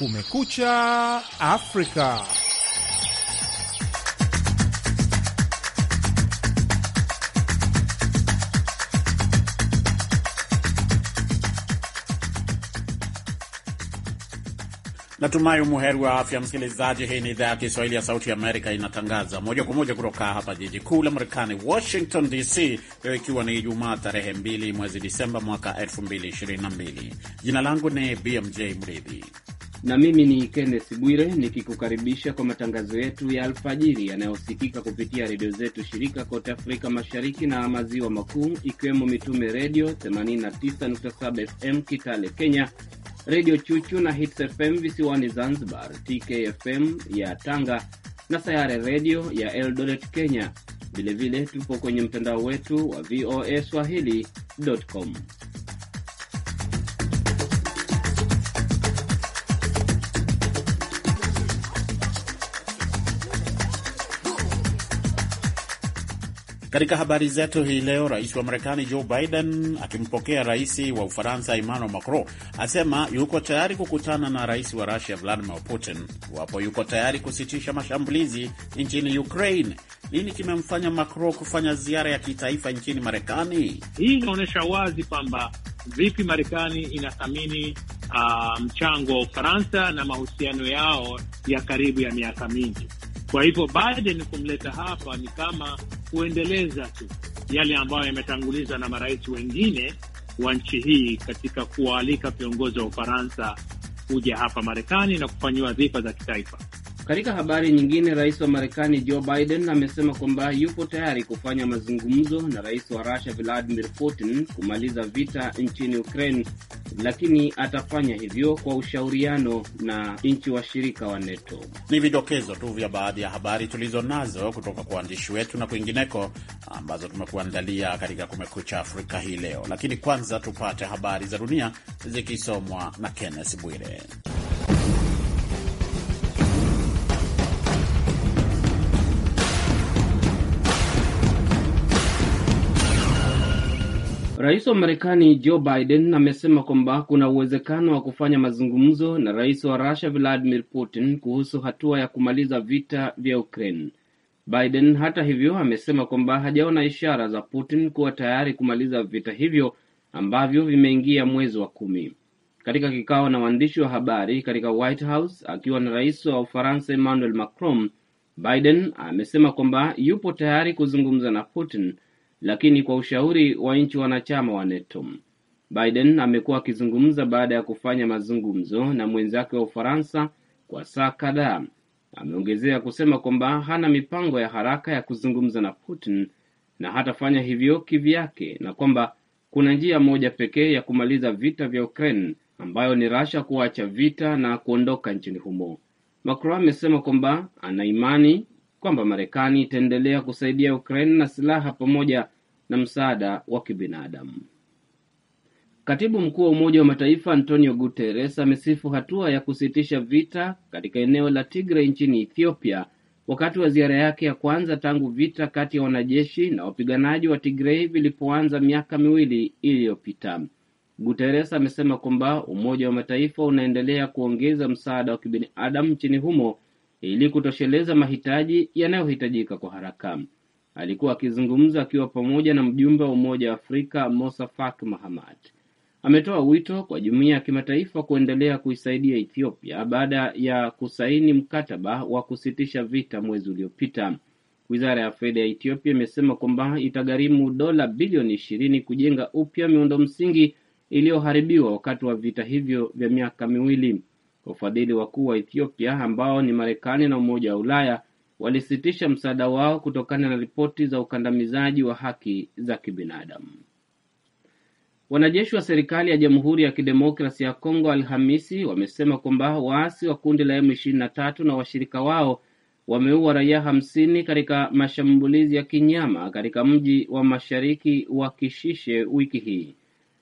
Kumekucha Afrika. Natumai umuheri wa afya, msikilizaji. Hii ni idhaa ya Kiswahili ya Sauti ya Amerika, inatangaza moja kwa moja kutoka hapa jiji kuu la Marekani, Washington DC. Leo ikiwa ni Ijumaa tarehe 2 mwezi Disemba mwaka 2022. Jina langu ni BMJ Mridhi na mimi ni Kenneth Bwire nikikukaribisha kwa matangazo yetu ya alfajiri yanayosikika kupitia redio zetu shirika kote Afrika Mashariki na Maziwa Makuu, ikiwemo Mitume Redio 89.7 FM Kitale Kenya, Redio Chuchu na Hits FM visiwani Zanzibar, TKFM ya Tanga na Sayare Redio ya Eldoret Kenya. Vilevile tupo kwenye mtandao wetu wa VOA swahili.com. Katika habari zetu hii leo, rais wa Marekani Joe Biden akimpokea rais wa Ufaransa Emmanuel Macron asema yuko tayari kukutana na rais wa Rusia Vladimir Putin iwapo yuko tayari kusitisha mashambulizi nchini Ukraine. Nini kimemfanya Macron kufanya ziara ya kitaifa nchini Marekani? Hii inaonyesha wazi kwamba vipi Marekani inathamini ah, mchango um, wa Ufaransa na mahusiano yao ya karibu ya miaka mingi. Kwa hivyo Biden kumleta hapa ni kama kuendeleza tu yale ambayo yametanguliza na marais wengine wa nchi hii katika kuwaalika viongozi wa Ufaransa kuja hapa Marekani na kufanyiwa dhifa za kitaifa. Katika habari nyingine, rais wa Marekani Joe Biden amesema kwamba yupo tayari kufanya mazungumzo na rais wa Rusia Vladimir Putin kumaliza vita nchini Ukraine, lakini atafanya hivyo kwa ushauriano na nchi washirika wa NATO. Ni vidokezo tu vya baadhi ya habari tulizo nazo kutoka kwa waandishi wetu na kwingineko ambazo tumekuandalia katika Kumekucha Afrika hii leo, lakini kwanza tupate habari za dunia zikisomwa na Kenneth Bwire. Rais wa Marekani Joe Biden amesema kwamba kuna uwezekano wa kufanya mazungumzo na rais wa Rusia Vladimir Putin kuhusu hatua ya kumaliza vita vya Ukraine. Biden hata hivyo amesema kwamba hajaona ishara za Putin kuwa tayari kumaliza vita hivyo ambavyo vimeingia mwezi wa kumi. Katika kikao na waandishi wa habari katika White House akiwa na rais wa Ufaransa Emmanuel Macron, Biden amesema kwamba yupo tayari kuzungumza na Putin lakini kwa ushauri wa nchi wanachama wa NATO. Biden amekuwa akizungumza baada ya kufanya mazungumzo na mwenzake wa Ufaransa kwa saa kadhaa. Ameongezea kusema kwamba hana mipango ya haraka ya kuzungumza na Putin na hatafanya hivyo kivyake, na kwamba kuna njia moja pekee ya kumaliza vita vya Ukraine ambayo ni Rasha kuacha vita na kuondoka nchini humo. Macron amesema kwamba ana imani kwamba Marekani itaendelea kusaidia Ukraini na silaha pamoja na msaada wa kibinadamu. Katibu mkuu wa Umoja wa Mataifa Antonio Guterres amesifu hatua ya kusitisha vita katika eneo la Tigray nchini Ethiopia wakati wa ziara yake ya kwanza tangu vita kati ya wanajeshi na wapiganaji wa tigrei vilipoanza miaka miwili iliyopita. Guterres amesema kwamba Umoja wa Mataifa unaendelea kuongeza msaada wa kibinadamu nchini humo ili kutosheleza mahitaji yanayohitajika kwa haraka. Alikuwa akizungumza akiwa pamoja na mjumbe wa Umoja wa Afrika Mosa Faki Mahamat. Ametoa wito kwa jumuiya ya kimataifa kuendelea kuisaidia Ethiopia baada ya kusaini mkataba wa kusitisha vita mwezi uliopita. Wizara ya fedha ya Ethiopia imesema kwamba itagharimu dola bilioni ishirini kujenga upya miundo msingi iliyoharibiwa wakati wa vita hivyo vya miaka miwili. Wafadhili wakuu wa Ethiopia ambao ni Marekani na Umoja wa Ulaya walisitisha msaada wao kutokana na ripoti za ukandamizaji wa haki za kibinadamu. Wanajeshi wa serikali ya Jamhuri ya Kidemokrasi ya Kongo Alhamisi wamesema kwamba waasi wa kundi la M23 na washirika wao wameua raia hamsini katika mashambulizi ya kinyama katika mji wa mashariki wa Kishishe wiki hii,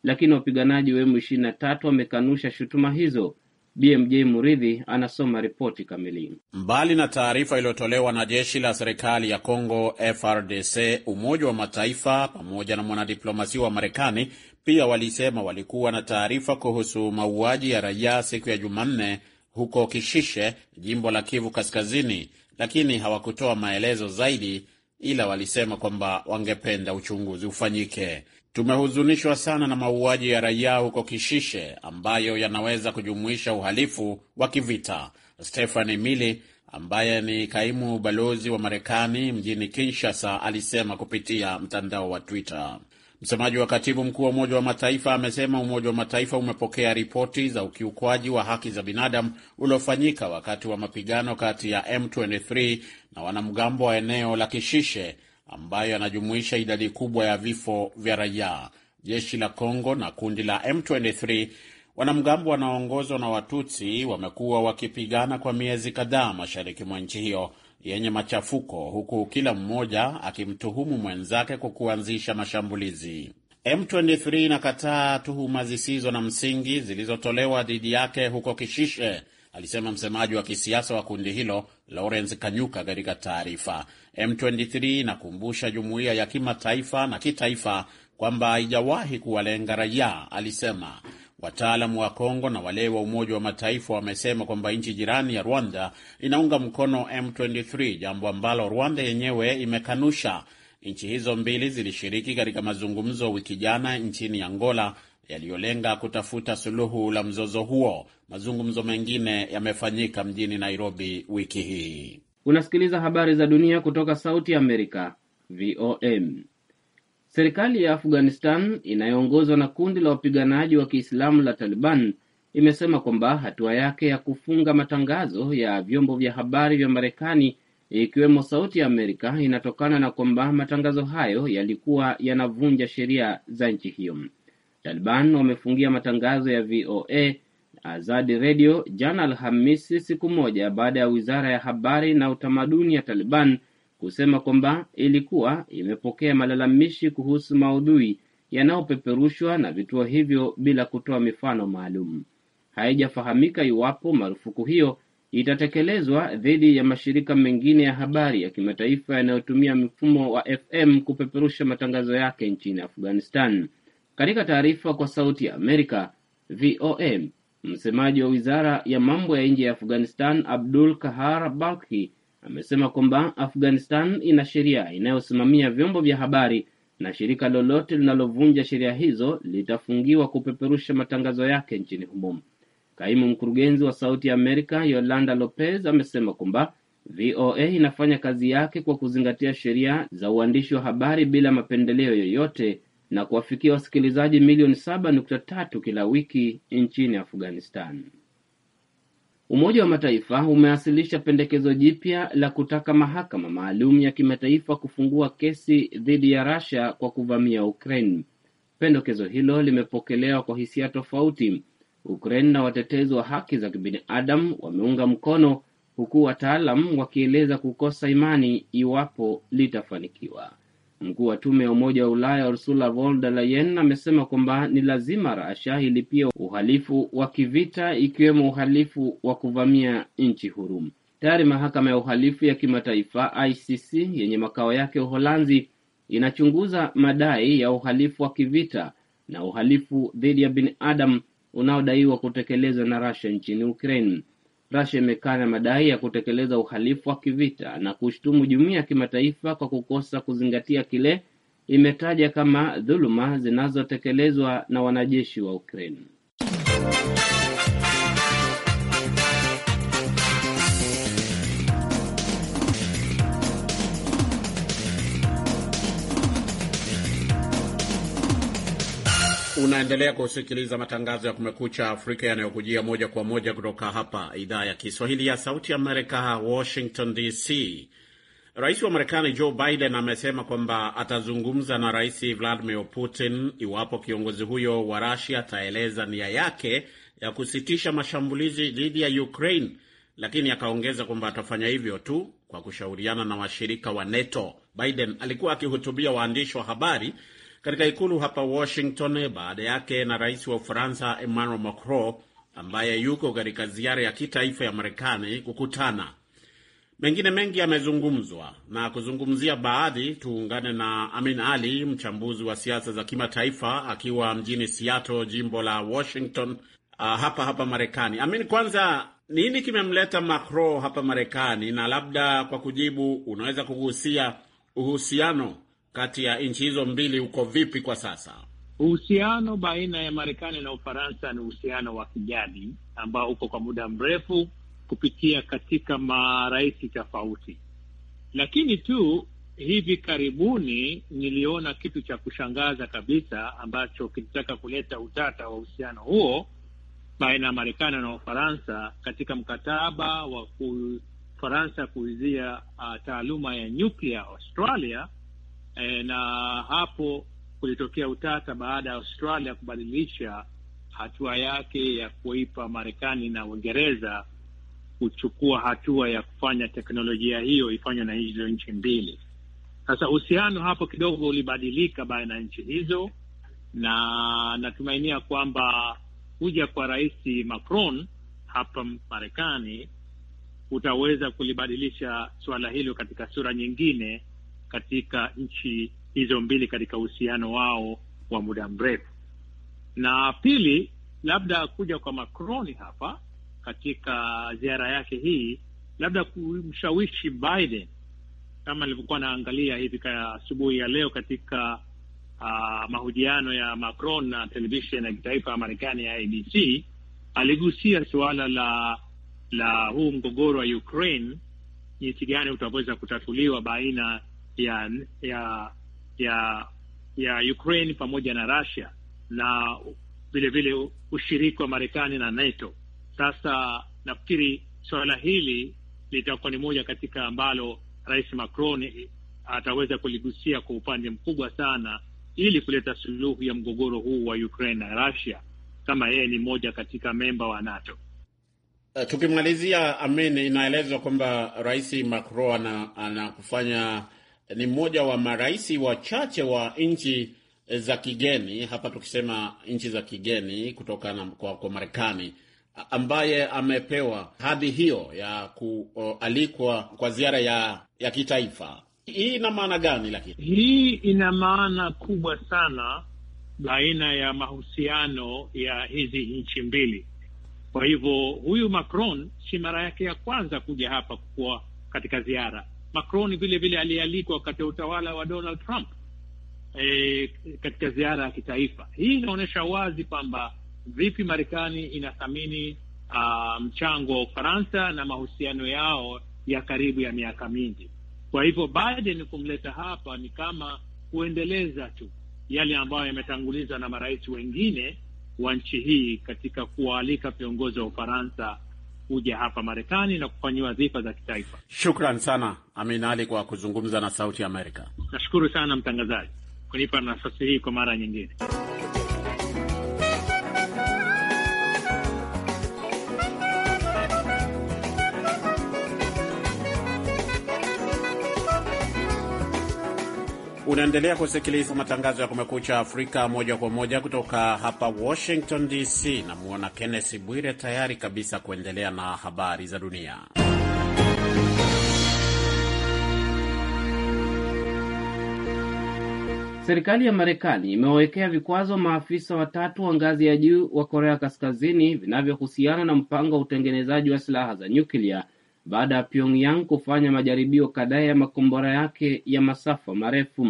lakini wapiganaji wa M23 wamekanusha shutuma hizo BMJ Muridhi anasoma ripoti kamili. Mbali na taarifa iliyotolewa na jeshi la serikali ya congo FRDC, Umoja wa Mataifa pamoja na mwanadiplomasia wa Marekani pia walisema walikuwa na taarifa kuhusu mauaji ya raia siku ya Jumanne huko Kishishe, jimbo la Kivu Kaskazini, lakini hawakutoa maelezo zaidi, ila walisema kwamba wangependa uchunguzi ufanyike. Tumehuzunishwa sana na mauaji ya raia huko Kishishe ambayo yanaweza kujumuisha uhalifu wa kivita. stephani Mili ambaye ni kaimu balozi wa Marekani mjini Kinshasa alisema kupitia mtandao wa Twitter. Msemaji wa katibu mkuu wa Umoja wa Mataifa amesema Umoja wa Mataifa umepokea ripoti za ukiukwaji wa haki za binadamu uliofanyika wakati wa mapigano kati ya M23 na wanamgambo wa eneo la Kishishe ambayo yanajumuisha idadi kubwa ya vifo vya raia. Jeshi la congo na kundi la M23, wanamgambo wanaoongozwa na Watutsi, wamekuwa wakipigana kwa miezi kadhaa mashariki mwa nchi hiyo yenye machafuko, huku kila mmoja akimtuhumu mwenzake kwa kuanzisha mashambulizi. M23 inakataa tuhuma zisizo na msingi zilizotolewa dhidi yake huko Kishishe alisema msemaji wa kisiasa wa kundi hilo Lawrence Kanyuka katika taarifa. M23 inakumbusha jumuiya ya kimataifa na kitaifa kwamba haijawahi kuwalenga raia, alisema. Wataalamu wa Kongo na wale wa Umoja wa Mataifa wamesema kwamba nchi jirani ya Rwanda inaunga mkono M23, jambo ambalo Rwanda yenyewe imekanusha. Nchi hizo mbili zilishiriki katika mazungumzo wiki jana nchini Angola yaliyolenga kutafuta suluhu la mzozo huo. Mazungumzo mengine yamefanyika mjini Nairobi wiki hii. Unasikiliza habari za dunia kutoka Sauti Amerika, VOM. Serikali ya Afghanistan inayoongozwa na kundi la wapiganaji wa Kiislamu la Taliban imesema kwamba hatua yake ya kufunga matangazo ya vyombo vya habari vya Marekani ikiwemo Sauti ya Amerika inatokana na kwamba matangazo hayo yalikuwa yanavunja sheria za nchi hiyo. Taliban wamefungia matangazo ya VOA na Azadi Redio jana Alhamisi, siku moja baada ya wizara ya habari na utamaduni ya Taliban kusema kwamba ilikuwa imepokea malalamishi kuhusu maudhui yanayopeperushwa na vituo hivyo bila kutoa mifano maalum. Haijafahamika iwapo marufuku hiyo itatekelezwa dhidi ya mashirika mengine ya habari ya kimataifa yanayotumia mfumo wa FM kupeperusha matangazo yake nchini Afghanistan. Katika taarifa kwa Sauti ya Amerika VOM, msemaji wa wizara ya mambo ya nje ya Afghanistan Abdul Kahar Balki amesema kwamba Afghanistan ina sheria inayosimamia vyombo vya habari na shirika lolote linalovunja sheria hizo litafungiwa kupeperusha matangazo yake nchini humo. Kaimu mkurugenzi wa Sauti ya Amerika Yolanda Lopez amesema kwamba VOA inafanya kazi yake kwa kuzingatia sheria za uandishi wa habari bila mapendeleo yoyote na kuwafikia wasikilizaji milioni 7.3 kila wiki nchini Afghanistan. Umoja wa Mataifa umewasilisha pendekezo jipya la kutaka mahakama maalum ya kimataifa kufungua kesi dhidi ya Russia kwa kuvamia Ukraine. Pendekezo hilo limepokelewa kwa hisia tofauti. Ukraine na watetezi wa haki za kibinadamu wameunga mkono, huku wataalam wakieleza kukosa imani iwapo litafanikiwa. Mkuu wa tume ya Umoja wa Ulaya Ursula von der Leyen amesema kwamba ni lazima Russia ilipie uhalifu wa kivita ikiwemo uhalifu wa kuvamia nchi huru. Tayari mahakama ya uhalifu ya kimataifa ICC yenye makao yake Uholanzi inachunguza madai ya uhalifu wa kivita na uhalifu dhidi ya binadamu unaodaiwa kutekelezwa na Russia nchini Ukraine. Russia imekana na madai ya kutekeleza uhalifu wa kivita na kushtumu jumuiya ya kimataifa kwa kukosa kuzingatia kile imetaja kama dhuluma zinazotekelezwa na wanajeshi wa Ukraine. Unaendelea kusikiliza matangazo ya Kumekucha Afrika yanayokujia moja kwa moja kutoka hapa idhaa ya Kiswahili ya Sauti Amerika, Washington DC. Rais wa Marekani Joe Biden amesema kwamba atazungumza na Rais Vladimir Putin iwapo kiongozi huyo wa Rusia ataeleza nia yake ya kusitisha mashambulizi dhidi ya Ukraine, lakini akaongeza kwamba atafanya hivyo tu kwa kushauriana na washirika wa NATO. Biden alikuwa akihutubia waandishi wa habari katika ikulu hapa Washington, baada yake na rais wa Ufaransa Emmanuel Macron ambaye yuko katika ziara ya kitaifa ya Marekani kukutana. Mengine mengi yamezungumzwa na kuzungumzia baadhi, tuungane na Amin Ali, mchambuzi wa siasa za kimataifa akiwa mjini Seattle, jimbo la Washington, ah, hapa hapa Marekani. Amin, kwanza nini kimemleta Macron hapa Marekani, na labda kwa kujibu unaweza kugusia uhusiano kati ya nchi hizo mbili uko vipi kwa sasa? Uhusiano baina ya Marekani na Ufaransa ni uhusiano wa kijadi ambao uko kwa muda mrefu kupitia katika marais tofauti, lakini tu hivi karibuni niliona kitu cha kushangaza kabisa ambacho kilitaka kuleta utata wa uhusiano huo baina ya Marekani na Ufaransa katika mkataba wa Ufaransa kuuzia uh, ah, taaluma ya nyuklia Australia e, na hapo kulitokea utata baada ya Australia kubadilisha hatua yake ya kuipa Marekani na Uingereza kuchukua hatua ya kufanya teknolojia hiyo ifanywe na hizo nchi mbili. Sasa uhusiano hapo kidogo ulibadilika baina ya nchi hizo, na natumainia kwamba kuja kwa Rais Macron hapa Marekani utaweza kulibadilisha suala hilo katika sura nyingine katika nchi hizo mbili katika uhusiano wao wa muda mrefu. Na pili, labda kuja kwa Macron hapa katika ziara yake hii, labda kumshawishi Biden, kama nilivyokuwa naangalia hivi asubuhi ya leo katika uh, mahojiano ya Macron na televisheni ya kitaifa ya Marekani ya ABC, aligusia suala la la huu mgogoro wa Ukraine, jinsi gani utaweza kutatuliwa baina ya ya ya ya Ukraine pamoja na Russia na vile vile ushiriki wa Marekani na NATO. Sasa nafikiri suala hili litakuwa ni moja katika ambalo Rais Macron ataweza kuligusia kwa upande mkubwa sana ili kuleta suluhu ya mgogoro huu wa Ukraine na Russia kama yeye ni moja katika memba wa NATO. Uh, tukimalizia, Amin, inaelezwa kwamba Rais Macron ana, ana kufanya ni mmoja wa marais wachache wa nchi e, za kigeni, hapa tukisema nchi za kigeni kutoka na, kwa, kwa Marekani ambaye amepewa hadhi hiyo ya kualikwa kwa ziara ya, ya kitaifa. Hii ina maana gani? Lakini hii ina maana kubwa sana baina ya mahusiano ya hizi nchi mbili. Kwa hivyo huyu Macron si mara yake ya kwanza kuja hapa kuwa katika ziara Macron vile vile alialikwa wakati wa utawala wa Donald Trump e, katika ziara ya kitaifa hii. Inaonyesha wazi kwamba vipi Marekani inathamini uh, mchango wa Ufaransa na mahusiano yao ya karibu ya miaka mingi. Kwa hivyo Biden kumleta hapa ni kama kuendeleza tu yale ambayo yametangulizwa na marais wengine wa nchi hii katika kuwaalika viongozi wa Ufaransa kuja hapa Marekani na kufanyiwa dhifa za kitaifa. Shukran sana. Amin Ali kwa kuzungumza na Sauti Amerika. Nashukuru sana mtangazaji kunipa nafasi hii kwa mara nyingine. Unaendelea kusikiliza matangazo ya Kumekucha Afrika moja kwa moja kutoka hapa Washington DC. Namwona kennesi Bwire tayari kabisa kuendelea na habari za dunia. Serikali ya Marekani imewawekea vikwazo maafisa watatu wa ngazi ya juu wa Korea Kaskazini vinavyohusiana na mpango wa utengenezaji wa silaha za nyuklia baada ya Pyongyang kufanya majaribio kadhaa ya makombora yake ya masafa marefu.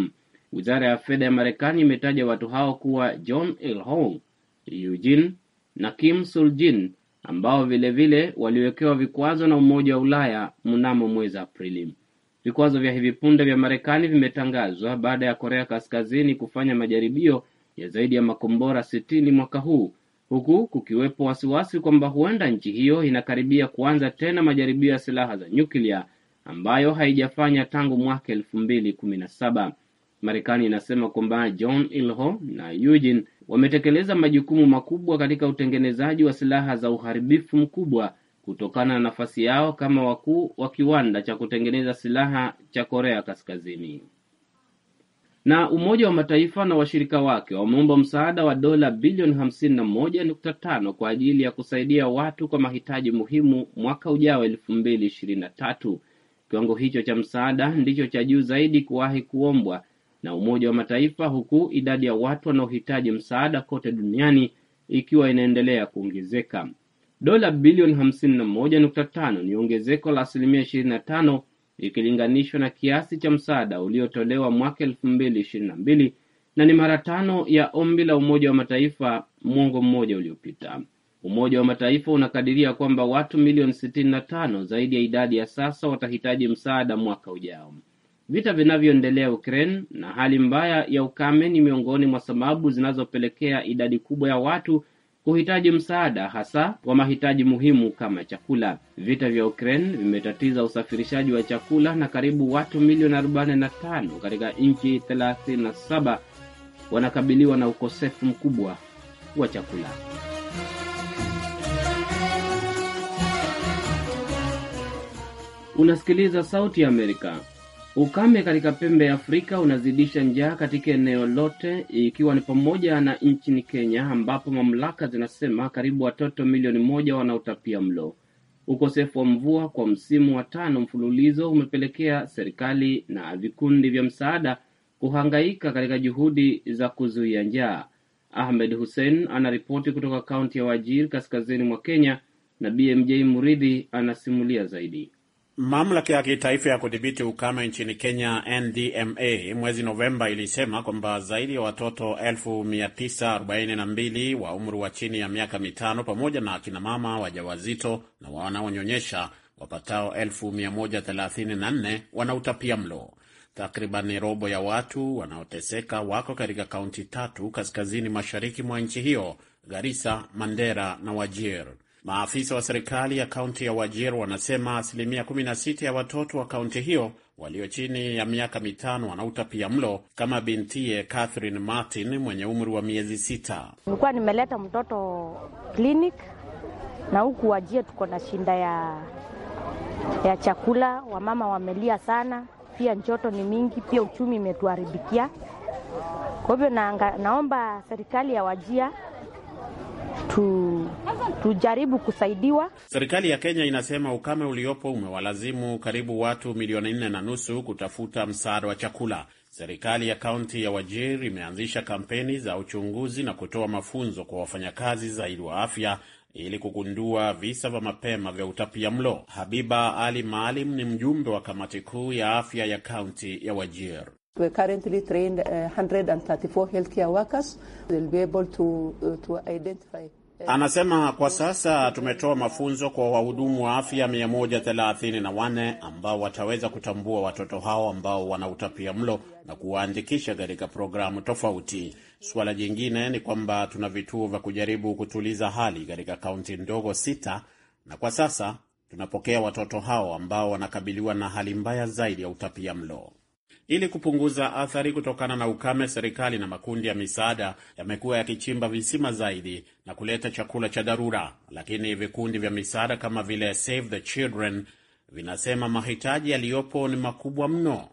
Wizara ya fedha ya Marekani imetaja watu hao kuwa John Ilhong, Yujin na Kim Suljin ambao vilevile waliwekewa vikwazo na Umoja wa Ulaya mnamo mwezi Aprili. Vikwazo vya hivi punde vya Marekani vimetangazwa baada ya Korea Kaskazini kufanya majaribio ya zaidi ya makombora sitini mwaka huu huku kukiwepo wasiwasi kwamba huenda nchi hiyo inakaribia kuanza tena majaribio ya silaha za nyuklia ambayo haijafanya tangu mwaka elfu mbili kumi na saba. Marekani inasema kwamba John Ilho na Eugene wametekeleza majukumu makubwa katika utengenezaji wa silaha za uharibifu mkubwa kutokana na nafasi yao kama wakuu wa kiwanda cha kutengeneza silaha cha Korea Kaskazini. Na Umoja wa Mataifa na washirika wake wameomba msaada wa dola bilioni 51.5 kwa ajili ya kusaidia watu kwa mahitaji muhimu mwaka ujao 2023. Kiwango hicho cha msaada ndicho cha juu zaidi kuwahi kuombwa na Umoja wa Mataifa, huku idadi ya watu wanaohitaji msaada kote duniani ikiwa inaendelea kuongezeka dola bilioni hamsini na moja nukta tano ni ongezeko la asilimia ishirini na tano ikilinganishwa na kiasi cha msaada uliotolewa mwaka elfu mbili na mbili na ni mara tano ya ombi la Umoja wa Mataifa mwongo mmoja uliopita. Umoja wa Mataifa unakadiria kwamba watu milioni sitini na tano zaidi ya idadi ya sasa watahitaji msaada mwaka ujao. Vita vinavyoendelea Ukraine na hali mbaya ya ukame ni miongoni mwa sababu zinazopelekea idadi kubwa ya watu huhitaji msaada hasa wa mahitaji muhimu kama chakula. Vita vya Ukraine vimetatiza usafirishaji wa chakula na karibu watu milioni 45 katika nchi 37 wanakabiliwa na ukosefu mkubwa wa chakula. Unasikiliza Sauti ya Amerika. Ukame katika pembe ya Afrika unazidisha njaa katika eneo lote, ikiwa ni pamoja na nchini Kenya ambapo mamlaka zinasema karibu watoto milioni moja wanaotapia mlo. Ukosefu wa mvua kwa msimu wa tano mfululizo umepelekea serikali na vikundi vya msaada kuhangaika katika juhudi za kuzuia njaa. Ahmed Hussein anaripoti kutoka kaunti ya Wajir kaskazini mwa Kenya na BMJ Muridhi anasimulia zaidi. Mamlaka ya kitaifa ya kudhibiti ukame nchini Kenya, NDMA, mwezi Novemba ilisema kwamba zaidi ya watoto 942 wa umri wa chini ya miaka mitano pamoja na akinamama wajawazito na wanaonyonyesha wapatao 134 wana utapia mlo. Takribani robo ya watu wanaoteseka wako katika kaunti tatu kaskazini mashariki mwa nchi hiyo, Garissa, Mandera na Wajir. Maafisa wa serikali ya kaunti ya Wajir wanasema asilimia 16 ya watoto wa kaunti hiyo walio chini ya miaka mitano utapia mlo kama bintiye Catherine Martin mwenye umri wa miezi sita. Nilikuwa nimeleta mtoto clinic na huku Wajir tuko na shinda ya, ya chakula. Wamama wamelia sana, pia njoto ni mingi, pia uchumi imetuharibikia. Kwa hivyo na, naomba serikali ya Wajia tu, tujaribu kusaidiwa. Serikali ya Kenya inasema ukame uliopo umewalazimu karibu watu milioni nne na nusu kutafuta msaada wa chakula. Serikali ya kaunti ya Wajir imeanzisha kampeni za uchunguzi na kutoa mafunzo kwa wafanyakazi zaidi wa afya ili kugundua visa vya mapema vya utapia mlo. Habiba Ali Maalim ni mjumbe wa kamati kuu ya afya ya kaunti ya Wajir. Anasema kwa sasa tumetoa mafunzo kwa wahudumu wa afya 134 ambao wataweza kutambua watoto hao ambao wana utapia mlo na kuwaandikisha katika programu tofauti. Suala jingine ni kwamba tuna vituo vya kujaribu kutuliza hali katika kaunti ndogo sita, na kwa sasa tunapokea watoto hao ambao wanakabiliwa na hali mbaya zaidi ya utapia mlo. Ili kupunguza athari kutokana na ukame, serikali na makundi ya misaada yamekuwa yakichimba visima zaidi na kuleta chakula cha dharura, lakini vikundi vya misaada kama vile Save the Children vinasema mahitaji yaliyopo ni makubwa mno.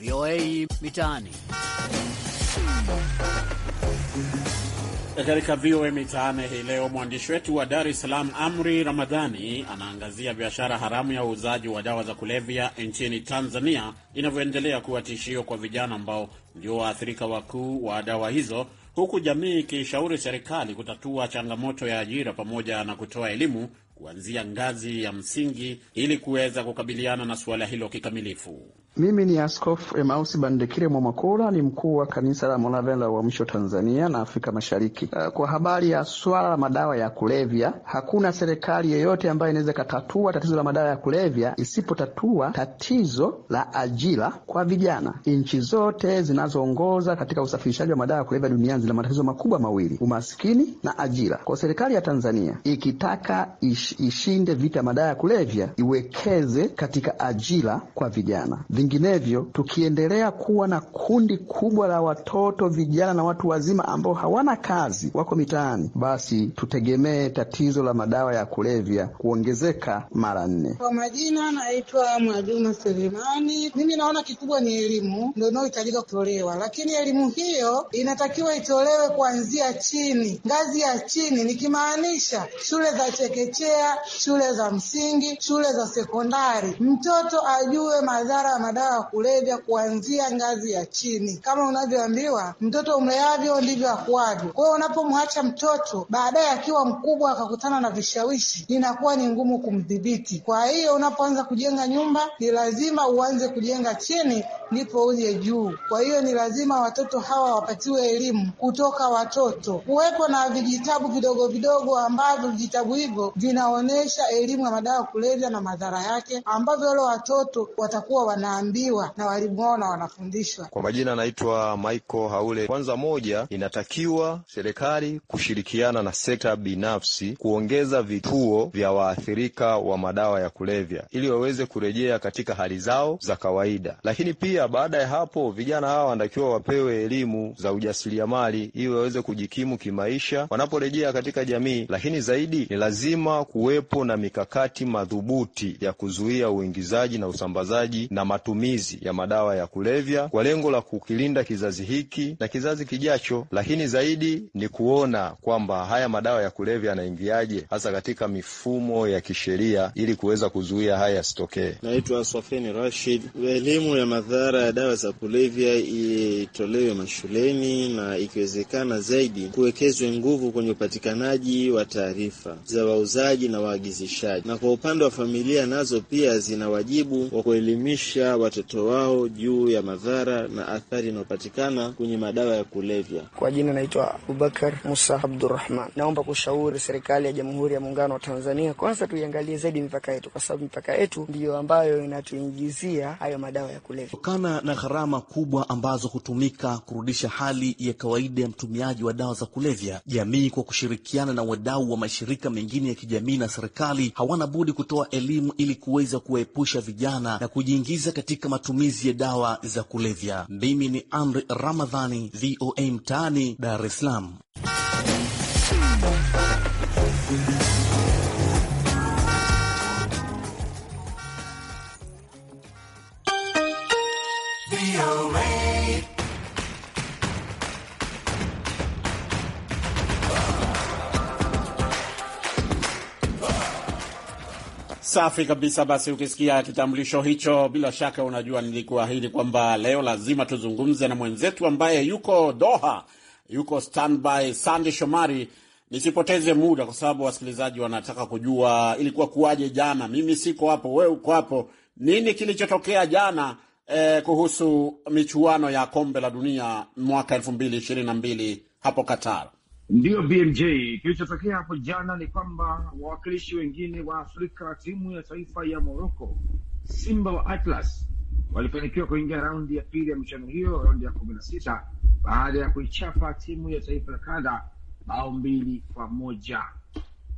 VOA Mitaani. Katika VOA Mitaani hii leo, mwandishi wetu wa Dar es Salaam, Amri Ramadhani, anaangazia biashara haramu ya uuzaji wa dawa za kulevya nchini Tanzania inavyoendelea kuwa tishio kwa vijana ambao ndio waathirika wakuu wa dawa hizo, huku jamii ikishauri serikali kutatua changamoto ya ajira pamoja na kutoa elimu kuanzia ngazi ya msingi ili kuweza kukabiliana na suala hilo kikamilifu. Mimi ni Askofu Emausi Bandekire Mwamakula, ni mkuu wa kanisa la Monavena la Uamsho Tanzania na Afrika Mashariki. Eh, kwa habari ya swala la madawa ya kulevya, hakuna serikali yoyote ambayo inaweza ikatatua tatizo la madawa ya kulevya isipotatua tatizo la ajira kwa vijana. Nchi zote zinazoongoza katika usafirishaji wa madawa ya kulevya duniani zina matatizo makubwa mawili, umaskini na ajira. Kwa serikali ya Tanzania ikitaka ish, ishinde vita ya madawa ya kulevya, iwekeze katika ajira kwa vijana. Vinginevyo, tukiendelea kuwa na kundi kubwa la watoto, vijana na watu wazima ambao hawana kazi, wako mitaani, basi tutegemee tatizo la madawa ya kulevya kuongezeka mara nne. Kwa majina, naitwa Mwajuma Selemani. Mimi naona kikubwa ni elimu ndo inayohitajika kutolewa, lakini elimu hiyo inatakiwa itolewe kuanzia chini, ngazi ya chini, nikimaanisha shule za chekechea, shule za msingi, shule za sekondari, mtoto ajue madhara ya madawa ya kulevya kuanzia ngazi ya chini. Kama unavyoambiwa mtoto umleavyo ndivyo akuavyo. Kwa hiyo unapomwacha mtoto baadaye akiwa mkubwa akakutana na vishawishi, inakuwa ni ngumu kumdhibiti. Kwa hiyo unapoanza kujenga nyumba, ni lazima uanze kujenga chini ndipo uje juu. Kwa hiyo ni lazima watoto hawa wapatiwe elimu kutoka watoto, kuwepo na vijitabu vidogo vidogo ambavyo vijitabu hivyo vinaonyesha elimu ya madawa kulevya na madhara yake, ambavyo wale watoto watakuwa wana wanaambiwa na walimu wao na wanafundishwa. Kwa majina anaitwa Michael Haule. Kwanza moja, inatakiwa serikali kushirikiana na sekta binafsi kuongeza vituo vya waathirika wa madawa ya kulevya ili waweze kurejea katika hali zao za kawaida. Lakini pia baada ya hapo, vijana hawa wanatakiwa wapewe elimu za ujasiriamali ili waweze kujikimu kimaisha wanaporejea katika jamii. Lakini zaidi ni lazima kuwepo na mikakati madhubuti ya kuzuia uingizaji na usambazaji na matumizi matumizi ya madawa ya kulevya kwa lengo la kukilinda kizazi hiki na kizazi kijacho, lakini zaidi ni kuona kwamba haya madawa ya kulevya yanaingiaje hasa katika mifumo ya kisheria ili kuweza kuzuia haya yasitokee. Naitwa Swafeni Rashid. Elimu ya madhara ya dawa za kulevya itolewe mashuleni na ikiwezekana zaidi kuwekezwe nguvu kwenye upatikanaji wa taarifa za wauzaji na waagizishaji, na kwa upande wa familia nazo pia zina wajibu wa kuelimisha watoto wao juu ya madhara na athari inayopatikana kwenye madawa ya kulevya. Kwa jina naitwa Abubakar Musa Abdurrahman. Naomba kushauri serikali ya Jamhuri ya Muungano wa Tanzania, kwanza tuiangalie zaidi mipaka yetu, kwa sababu mipaka yetu ndiyo ambayo inatuingizia hayo madawa ya kulevya, kutokana na gharama kubwa ambazo hutumika kurudisha hali ya kawaida ya mtumiaji wa dawa za kulevya. Jamii kwa kushirikiana na wadau wa mashirika mengine ya kijamii na serikali hawana budi kutoa elimu ili kuweza kuwaepusha vijana na kujiingiza katika matumizi ya dawa za kulevya. Mimi ni Amri Ramadhani, VOA Mtaani, Dar es Salaam. Safi kabisa. Basi ukisikia kitambulisho hicho, bila shaka unajua nilikuahidi kwamba leo lazima tuzungumze na mwenzetu ambaye yuko Doha, yuko standby, Sande Shomari. Nisipoteze muda kwa sababu wasikilizaji wanataka kujua ilikuwa kuwaje jana. Mimi siko hapo, wewe uko hapo. Nini kilichotokea jana eh, kuhusu michuano ya kombe la dunia mwaka elfu mbili ishirini na mbili hapo Qatar? Ndiyo BMJ, kilichotokea hapo jana ni kwamba wawakilishi wengine wa Afrika, timu ya taifa ya Moroko, Simba wa Atlas, walifanikiwa kuingia raundi ya pili ya michano hiyo, raundi ya kumi na sita baada ya kuichapa timu ya taifa ya Kanada bao mbili kwa moja.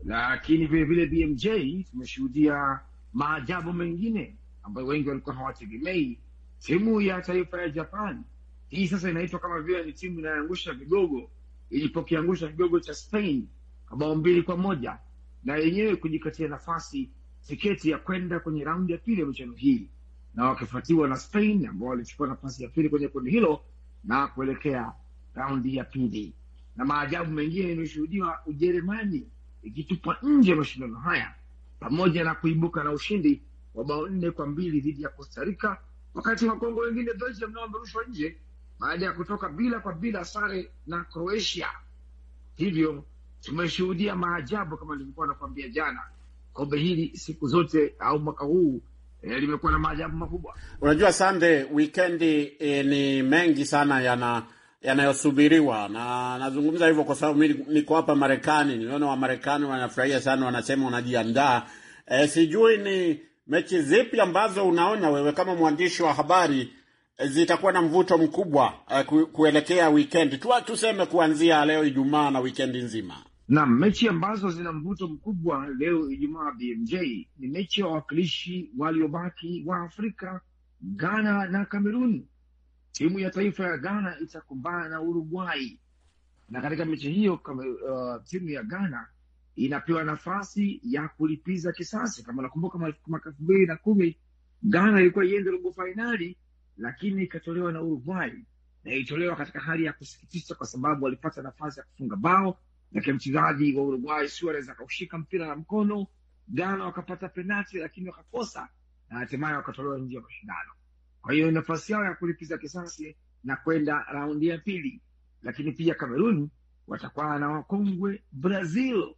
Lakini vilevile BMJ, tumeshuhudia maajabu mengine ambayo wengi walikuwa hawategemei. Timu ya taifa ya Japan hii sasa inaitwa kama vile ni timu inayoangusha vigogo ilipokiangusha kigogo cha Spain kwa bao mbili kwa moja na yenyewe kujikatia nafasi tiketi ya kwenda kwenye raundi ya pili ya michano hii, na wakifuatiwa na Spain ambao walichukua nafasi ya pili kwenye kundi hilo na kuelekea raundi ya pili. Na maajabu mengine imeshuhudiwa Ujerumani ikitupwa nje ya mashindano haya pamoja na kuibuka na ushindi wa bao nne kwa mbili dhidi ya Costa Rica, wakati Kongo wengine Belgium nao wamerushwa nje baada ya kutoka bila kwa bila sare na Croatia. Hivyo tumeshuhudia maajabu kama nilivyokuwa nakwambia jana. Kombe hili siku zote au mwaka huu eh, limekuwa na maajabu makubwa. Unajua Sande, wikendi eh, ni mengi sana yana yanayosubiriwa na nazungumza hivyo kwa sababu mi niko hapa Marekani, nimeona Wamarekani wanafurahia sana, wanasema wanajiandaa. E, sijui ni mechi zipi ambazo unaona wewe kama mwandishi wa habari zitakuwa na mvuto mkubwa uh, kuelekea wikendi tu, tuseme kuanzia leo Ijumaa na wikendi nzima. Naam, mechi ambazo zina mvuto mkubwa leo Ijumaa BMJ ni mechi ya wawakilishi waliobaki wa Afrika, Ghana na Kamerun. Timu ya taifa ya Ghana itakumbana na Uruguai, na katika mechi hiyo uh, timu ya Ghana inapewa nafasi ya kulipiza kisasi. Kama nakumbuka mwaka elfu mbili na kumi Ghana ilikuwa iende robo fainali lakini ikatolewa na Uruguay na ilitolewa katika hali ya kusikitisha, kwa sababu walipata nafasi ya kufunga bao, lakini mchezaji wa Uruguay Suarez akaushika mpira na mkono. Ghana wakapata penati, lakini wakakosa na hatimaye wakatolewa nje ya mashindano. Kwa hiyo nafasi yao ya kulipiza kisasi na kwenda raundi ya pili, lakini pia Kameruni watakwana na wakongwe Brazil.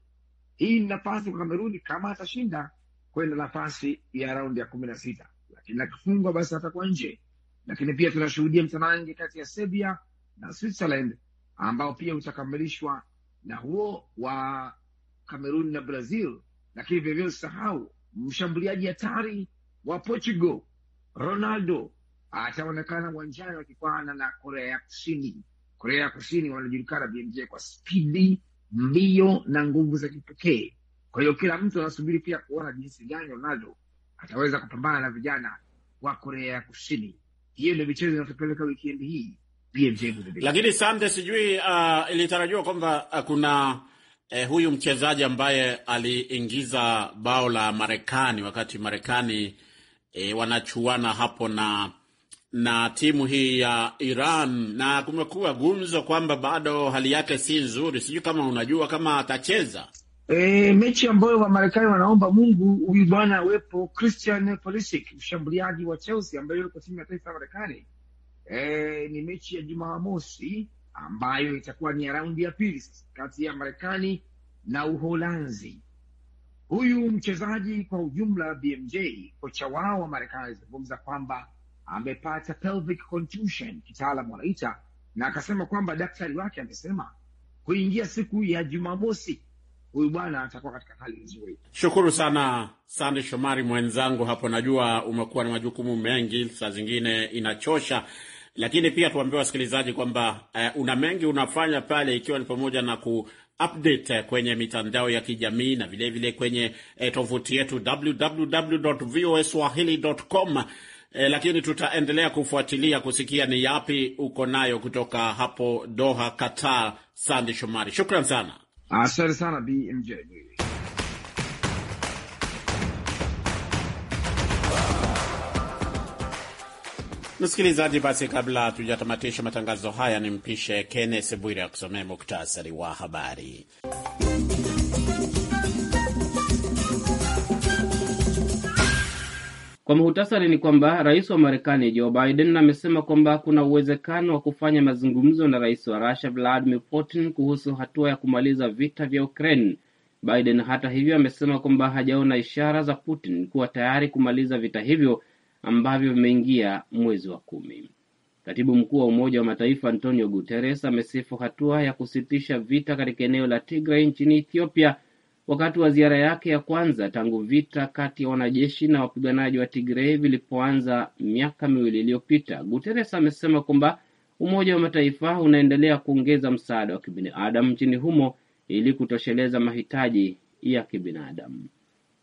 Hii ni nafasi kwa Kameruni kama atashinda kwenda nafasi ya raundi ya kumi na sita, lakini akifungwa basi atakuwa nje lakini pia tunashuhudia mtanange kati ya Serbia na Switzerland ambao pia utakamilishwa na huo wa Cameroon na Brazil, lakini vilevile usahau mshambuliaji hatari wa Portugal Ronaldo ataonekana uwanjani wakipana na Korea ya Kusini. Korea ya Kusini wanajulikana BMJ kwa spidi, mbio na nguvu za kipekee. Kwa hiyo kila mtu anasubiri pia kuona jinsi gani Ronaldo ataweza kupambana na vijana wa Korea ya Kusini hiyo ndio michezo inatupeleka wikendi hii BMJ. Lakini Sande, sijui uh, ilitarajiwa kwamba uh, kuna uh, huyu mchezaji ambaye aliingiza bao la Marekani wakati Marekani eh, wanachuana hapo na na timu hii ya Iran na kumekuwa gumzo kwamba bado hali yake si nzuri, sijui kama unajua kama atacheza. E, mechi ambayo Wamarekani wanaomba Mungu huyu bwana awepo, Christian Pulisic mshambuliaji wa Chelsea ambaye yuko timu ya taifa ya Marekani. E, ni mechi ya Jumamosi ambayo itakuwa ni ya raundi ya pili kati ya Marekani na Uholanzi. Huyu mchezaji kwa ujumla, BMJ, kocha wao wa Marekani alizungumza kwamba amepata pelvic contusion, kitaalamu wanaita, na akasema kwamba daktari wake amesema kuingia siku ya Jumamosi huyu bwana atakuwa katika hali nzuri. Shukuru sana Sande Shomari mwenzangu hapo, najua umekuwa na majukumu mengi, saa zingine inachosha, lakini pia tuambie wasikilizaji kwamba uh, una mengi unafanya pale, ikiwa ni pamoja na ku update kwenye mitandao ya kijamii na vilevile vile kwenye eh, tovuti yetu www.voaswahili.com. Eh, lakini tutaendelea kufuatilia kusikia ni yapi uko nayo kutoka hapo Doha, Qatar. Sandi Shomari, shukran sana. Asante sana BMJ. Msikilizaji, basi kabla hatujatamatisha matangazo haya, nimpishe Kenneth Bwire akusomee muktasari wa habari. Kwa muhutasari ni kwamba rais wa Marekani Joe Biden amesema kwamba kuna uwezekano wa kufanya mazungumzo na rais wa Rusia Vladimir Putin kuhusu hatua ya kumaliza vita vya Ukraine. Biden hata hivyo amesema kwamba hajaona ishara za Putin kuwa tayari kumaliza vita hivyo ambavyo vimeingia mwezi wa kumi. Katibu mkuu wa Umoja wa Mataifa Antonio Guterres amesifu hatua ya kusitisha vita katika eneo la Tigray nchini Ethiopia wakati wa ziara yake ya kwanza tangu vita kati ya wanajeshi na wapiganaji wa Tigrei vilipoanza miaka miwili iliyopita. Guterres amesema kwamba Umoja wa Mataifa unaendelea kuongeza msaada wa kibinadamu nchini humo ili kutosheleza mahitaji ya kibinadamu.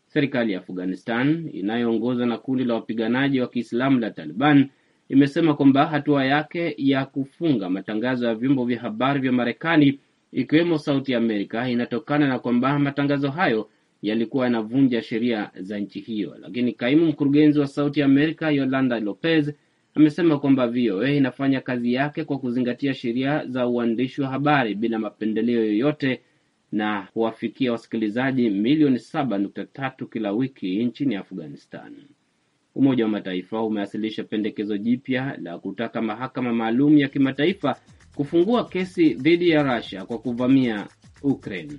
Serikali ya Afghanistan inayoongozwa na kundi la wapiganaji wa Kiislamu la Taliban imesema kwamba hatua yake ya kufunga matangazo ya vyombo vya habari vya Marekani ikiwemo Sauti ya Amerika inatokana na kwamba matangazo hayo yalikuwa yanavunja sheria za nchi hiyo. Lakini kaimu mkurugenzi wa Sauti ya Amerika Yolanda Lopez amesema kwamba VOA inafanya kazi yake kwa kuzingatia sheria za uandishi wa habari bila mapendeleo yoyote na huwafikia wasikilizaji milioni 7.3 kila wiki nchini Afghanistan. Umoja wa Mataifa umewasilisha pendekezo jipya la kutaka mahakama maalum ya kimataifa kufungua kesi dhidi ya rusia kwa kuvamia Ukraine.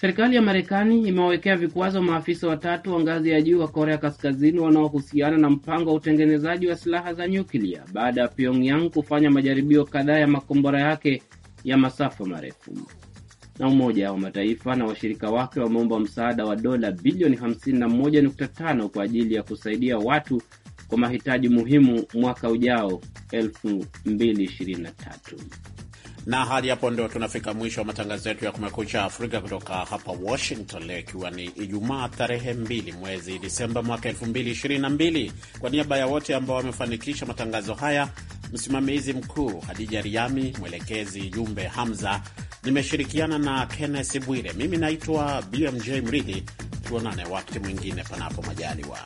Serikali ya Marekani imewawekea vikwazo maafisa watatu wa ngazi ya juu wa Korea Kaskazini wanaohusiana na mpango wa utengenezaji wa silaha za nyuklia baada ya Pyongyang kufanya majaribio kadhaa ya makombora yake ya masafa marefu. Na Umoja wa Mataifa na washirika wake wameomba msaada wa dola bilioni 51.5 kwa ajili ya kusaidia watu kwa mahitaji muhimu mwaka ujao 2023. Na hadi hapo ndio tunafika mwisho wa matangazo yetu ya Kumekucha Afrika kutoka hapa Washington leo, ikiwa ni Ijumaa tarehe 2 mwezi Disemba mwaka 2022. Kwa niaba ya wote ambao wamefanikisha matangazo haya, msimamizi mkuu Hadija Riami, mwelekezi Jumbe Hamza, nimeshirikiana na Kenneth Bwire. Mimi naitwa BMJ Mridhi. Tuonane wakati mwingine, panapo majaliwa.